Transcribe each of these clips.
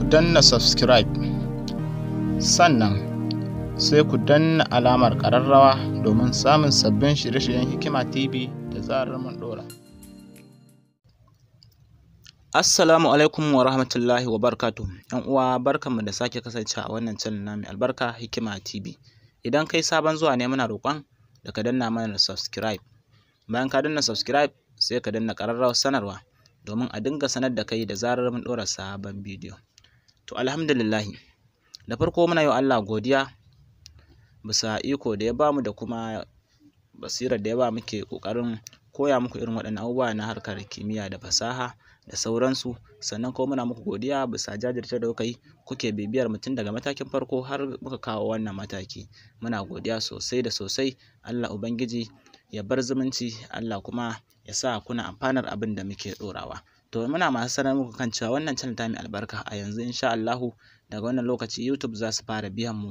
ku danna subscribe sannan sai ku danna alamar ƙararrawa domin samun sabbin shirye-shiryen hikima tv da zarar mun ɗora assalamu alaikum wa rahmatullahi wa barkatu yan uwa barkanmu da sake kasancewa a wannan channel na mai albarka hikima tv idan kai sabon zuwa ne muna roƙon da ka danna mana subscribe bayan ka danna subscribe sai ka danna ƙararrawar sanarwa domin a dinga sanar da kai da zarar mun ɗora sabon bidiyo. to alhamdulillahi da farko muna yi Allah godiya bisa iko da ya bamu da kuma basirar da ya ba muke kokarin koya muku irin waɗannan abubuwa na harkar kimiyya da fasaha da sauransu sannan kuma muna muku godiya bisa jajirce da kuka yi kuke bibiyar mutum daga matakin farko har muka kawo wannan mataki muna godiya sosai da sosai Allah ubangiji ya bar zumunci Allah kuma ya sa kuna amfanar abin da muke ɗorawa to muna masu sanar muku kan cewa wannan channel ta mai albarka a yanzu insha Allahu daga wannan lokaci YouTube za su fara biyan mu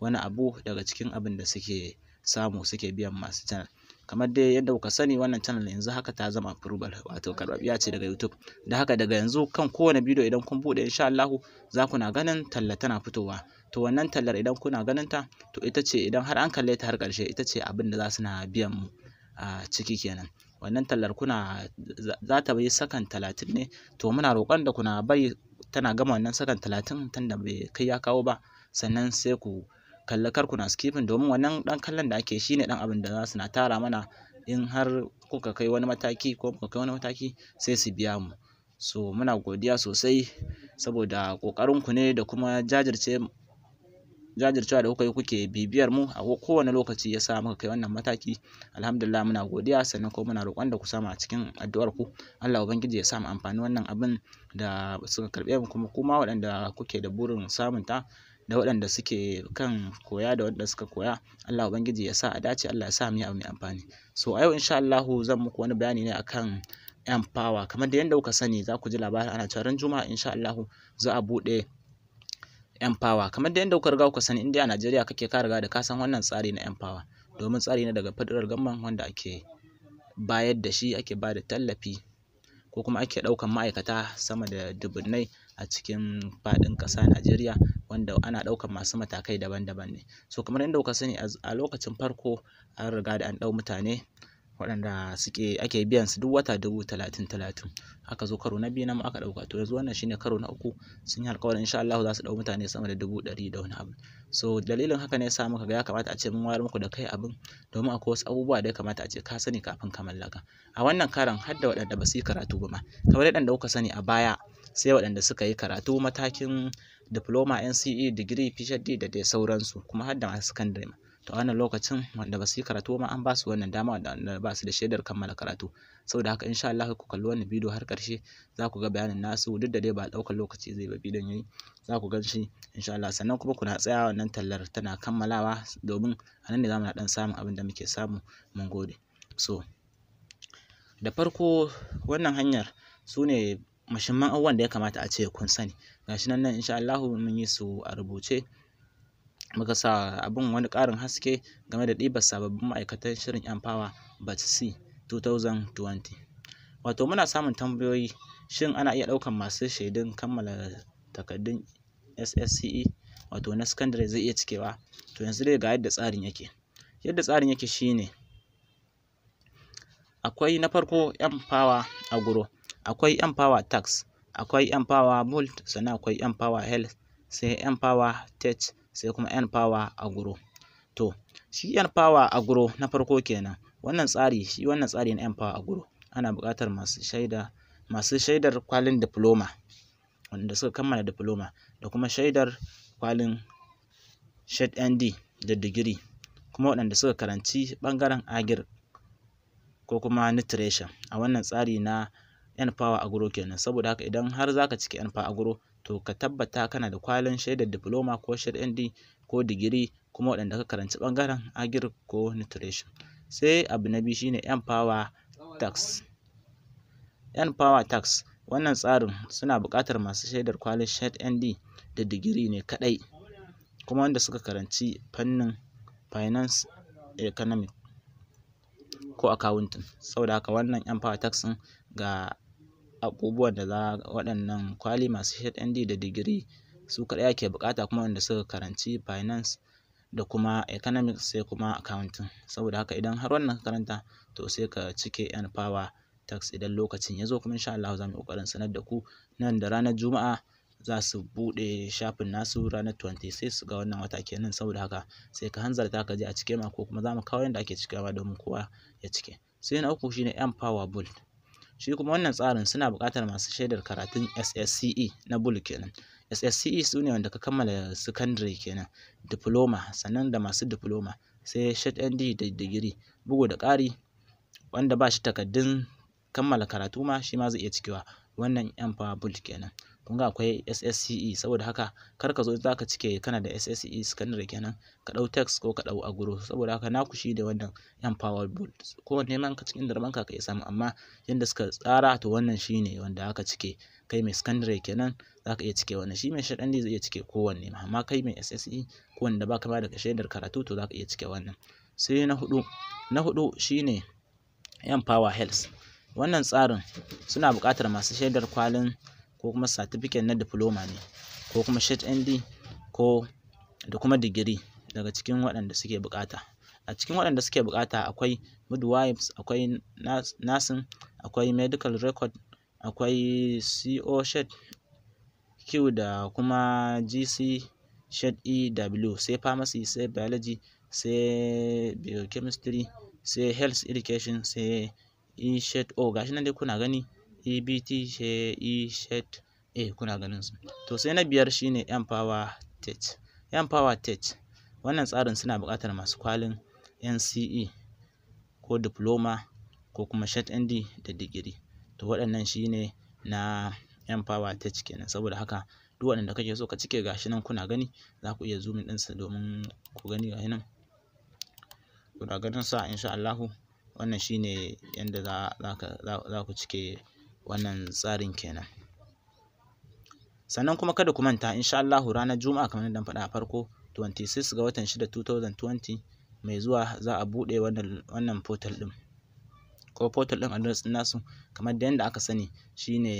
wani abu daga cikin abin da suke samu suke biyan masu channel kamar dai yadda kuka sani wannan channel yanzu haka ta zama approval wato karbabiya ce daga YouTube da haka daga yanzu kan kowane bidiyo idan kun bude insha Allah za ku na ganin talla tana fitowa to wannan tallar idan kuna ganin ta to ita ce idan har an kalle ta har karshe ita ce abin da za su na biyan mu a ciki kenan wannan tallar kuna za ta bai sakan talatin ne to muna roƙon da kuna bai tana gama wannan sakan talatin tanda bai kai ya kawo ba sannan sai ku kalli kar kuna skipping domin wannan ɗan kallon da ake shine ɗan abin da za su na tara mana in har kuka kai wani mataki ko kuka kai wani mataki sai su biya mu so muna godiya sosai saboda ƙoƙarinku ne da kuma jajirce jajircewa da kuka yi kuke bibiyar mu a kowane lokaci ya sa muka kai wannan mataki alhamdulillah muna godiya sannan kuma muna roƙon da ku sama a cikin addu'ar ku Allah ubangiji ya sa mu amfani wannan abin da suka karbe mu kuma kuma waɗanda kuke da burin samun ta da waɗanda suke kan koya da waɗanda suka koya Allah ubangiji ya sa a dace Allah ya sa mu yi amfani so a yau insha Allah zan muku wani bayani ne akan empower kamar da yadda kuka sani za ku ji labarin ana cewa ran juma'a insha Allah za a buɗe empower kamar da yadda kuka riga kuka sani indiya a Najeriya kake ka riga da ka wannan tsari na empower domin tsari ne daga federal government wanda ake bayar da shi ake ba da tallafi ko kuma ake ɗaukan ma'aikata sama da dubunnai a cikin faɗin ƙasa Najeriya wanda ana ɗaukan masu matakai daban-daban ne so kamar yadda kuka sani a lokacin farko an riga da an ɗau mutane waɗanda suke ake biyan su duk wata dubu talatin talatin aka zo karo na biyu nan aka ɗauka to yanzu wannan shine karo na uku sun yi alƙawarin insha Allah za su ɗau mutane sama da dubu ɗari da wani abu so dalilin haka ne ya sa muka ga ya kamata a ce mun wayar muku da kai abin domin akwai wasu abubuwa da ya kamata a ce ka sani kafin ka mallaka a wannan karan har da waɗanda ba su yi karatu ba ma kamar da kuka sani a baya sai waɗanda suka yi karatu matakin diploma NCE digiri PhD da dai sauransu kuma har da masu sakandare ma to a wannan lokacin wanda ba su yi karatu ma an ba su wannan dama wanda ba su da shaidar kammala karatu saboda haka insha Allah ku kalli wannan bidiyo har ƙarshe za ku ga bayanin nasu duk da dai ba daukar lokaci zai ba bidiyon yayi za ku gan shi insha Allah sannan kuma kuna tsaya wannan tallar tana kammalawa domin a nan ne za mu na ɗan samun abin da muke samu mun gode so da farko wannan hanyar su ne muhimman abubuwan da ya kamata a ce kun sani gashi nan nan insha Allah mun yi su a rubuce muka sa abin wani ƙarin haske game da ɗibar sababbin ma'aikatan shirin Empower Batch C 2020. Wato muna samun tambayoyi shin ana iya ɗaukan masu shaidun kammala takardun SSCE wato na sakandare zai iya cikewa to yanzu dai ga yadda tsarin yake. Yadda tsarin yake shine akwai na farko a Agro, akwai Empower Tax, akwai Empower Mult sannan akwai 'Yan Empower Health, sai Empower Tech sai kuma n power agro to shi n power agro na farko kenan wannan tsari shi wannan tsari na n power agro ana buƙatar masu shaida masu shaidar kwalin diploma wanda suka kammala diploma da kuma shaidar kwalin shed nd da digiri kuma waɗanda suka karanci ɓangaren agir ko kuma nutrition a wannan tsari na n power agro kenan saboda haka idan har zaka cike n power agro to ka tabbata kana da kwalin shaidar diploma ko shaidar ND ko digiri kuma waɗanda ka karanci ɓangaren agir ko nutrition sai abu na biyu shine empower tax empower tax wannan tsarin suna buƙatar masu shaidar kwalin shaid ND da digiri ne kaɗai kuma wanda suka karanci fannin finance economic ko accounting saboda haka wannan empower tax ga abubuwan da za waɗannan kwali masu HND da digiri su kaɗai ake buƙata kuma wanda suka karanci finance da kuma economics sai kuma accounting saboda haka idan har wannan ka karanta to sai ka cike yan power tax idan lokacin ya zo kuma insha Allah za mu yi ƙoƙarin sanar da ku nan da ranar juma'a za su buɗe shafin nasu ranar 26 ga wannan wata kenan saboda haka sai ka hanzarta ka je a cike ma ko kuma za mu kawo yadda ake cikewa domin kowa ya cike sai na uku shine power bold shi kuma wannan tsarin suna buƙatar masu shaidar karatun SSCE na bull kenan SSCE su ne wanda ka kammala secondary kenan diploma sannan da masu diploma sai HND da digiri bugu da ƙari wanda ba shi takaddun kammala karatu ma shi ma zai iya cikewa wannan yan fa bul kenan kun ga akwai SSCE saboda haka kar ka zo za ka cike kana da SSCE scanner kenan ka ɗau text ko ka ɗau agro saboda haka na kushi da wannan bull ko kowanne man ka cikin darban ka ya samu amma yanda suka tsara to wannan shine wanda aka cike kai mai scanner kenan za ka iya cike wannan shi mai shaɗan zai iya cike kowanne amma kai mai SSE ko wanda ba ka ma da shaidar karatu to za ka iya cike wannan sai na hudu na hudu shine empower health wannan tsarin suna buƙatar masu shaidar kwalin ko kuma certificate na diploma ne ko kuma nd ko da kuma digiri daga cikin waɗanda suke buƙata. A cikin waɗanda suke bukata akwai midwives, akwai nursing, akwai medical record, akwai CO shed Q da kuma GC shed EW, sai pharmacy, sai biology, sai biochemistry, sai health education, sai E shed O. Ga nan dai kuna gani. EBT, e, A kuna ganin su. To sai na biyar shine Empower Tech. Empower Tech wannan tsarin suna buƙatar masu kwalin NCE ko Diploma ko kuma shet ND da digiri. To waɗannan shine na Empower Tech kenan saboda haka duk waɗanda kake so ka cike gashi nan kuna gani za ku iya zooming ɗinsa domin ku gani gashi nan. Kuna ganin sa insha Allahu wannan shine yanda za ku cike wannan tsarin kenan sannan kuma kada ku manta insha Allah ranar juma'a kamar yadda faɗa a farko 26 ga watan 6 2020 mai zuwa za a buɗe wannan wannan portal ɗin ko portal ɗin address ɗin nasu kamar da yadda aka sani shine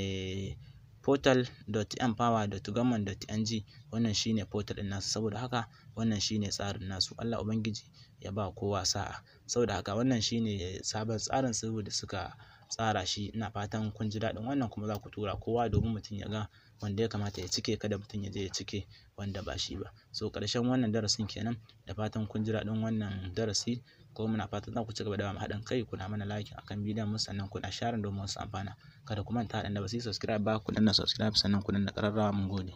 portal.empower.government.ng wannan shine portal din nasu saboda haka wannan shine tsarin nasu Allah ubangiji ya ba kowa sa'a saboda haka wannan shine sabon tsarin saboda suka tsara shi ina fatan kun ji daɗin wannan kuma za ku tura kowa domin mutum ya ga wanda ya kamata ya cike kada mutum ya je ya cike wanda ba shi ba so ƙarshen wannan darasin kenan da fatan kun ji daɗin wannan darasi ko muna fatan za ku ci gaba da mu haɗin kai kuna mana like akan bidiyon mu sannan kuna sharing domin wasu amfana kada ku manta da ba su subscribe ba ku danna subscribe sannan ku danna ƙararrawa mun gode